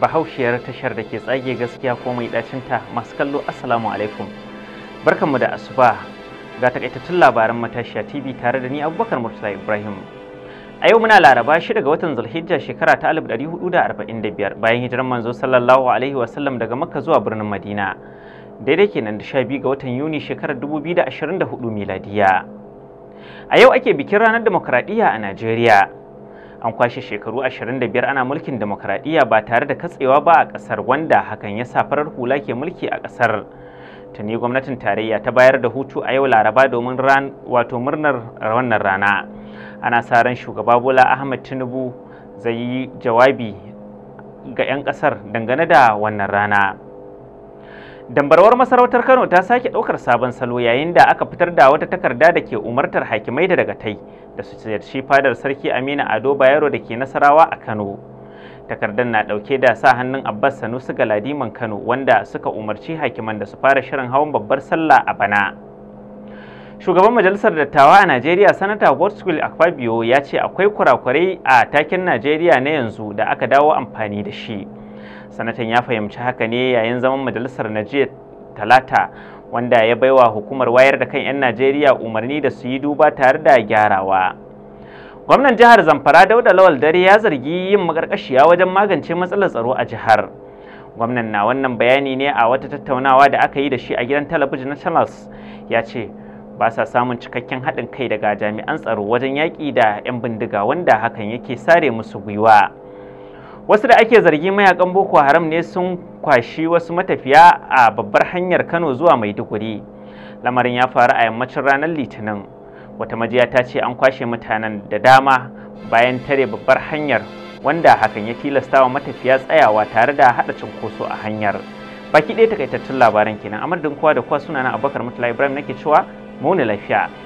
bahaushiyar tashar da ke tsage gaskiya ko mai dacinta masu kallo assalamu alaikum barkanmu da asuba ga takaitattun labaran matashiya tv tare da ni abubakar murtala ibrahim a yau muna laraba shi daga watan zulhijja shekara ta 1445 bayan hijiran manzo sallallahu alaihi wasallam daga makka zuwa birnin madina daidai kenan da 12 ga watan yuni shekarar 2024 miladiya a yau ake bikin ranar demokradiyya a najeriya an kwashe shekaru 25 ana mulkin demokradiyya ba tare da katsewa ba a kasar wanda hakan ya sa farar hula ke mulki a kasar tuni gwamnatin tarayya ta bayar da hutu a yau laraba domin ran wato murnar wannan rana ana sa ran shugaba bola Ahmad tinubu zai yi jawabi ga 'yan kasar dangane da wannan rana dambarwar masarautar kano ta sake ɗaukar sabon salo yayin da aka fitar da wata takarda da ke umartar hakimai da daga tai da su ziyarci fadar sarki amina ado bayero da ke nasarawa a kano takardar na ɗauke da sa hannun abbas sanusi Ladiman kano wanda suka umarci hakiman da su fara shirin hawan babbar sallah a bana shugaban majalisar dattawa a najeriya sanata godswill akpabio ya ce akwai kurakurai a takin najeriya na yanzu da aka dawo amfani da shi sanatan ya fahimci haka ne yayin zaman majalisar na talata wanda ya baiwa hukumar wayar da kan 'yan najeriya umarni da su yi duba tare da gyarawa gwamnan jihar zamfara dauda lawal dare ya zargi yin makarkashiya wajen magance matsalar tsaro a jihar gwamnan na wannan bayani ne a wata tattaunawa da aka yi da shi a gidan talabijin na channels ya ce ba sa samun cikakken haɗin kai daga jami'an tsaro wajen yaƙi da 'yan bindiga wanda hakan yake sare musu gwiwa. wasu da ake zargi mayakan boko haram ne sun kwashi wasu matafiya a babbar hanyar kano zuwa maiduguri lamarin ya faru a yammacin ranar litinin wata majiya ta ce an kwashe mutanen da dama bayan tare babbar hanyar wanda hakan ya tilasta wa matafiya tsayawa tare da haɗa cinkoso a hanyar baki ɗaya takaitattun labaran kenan amardin kowa da kowa suna na abokar mutala ibrahim nake cewa mauna lafiya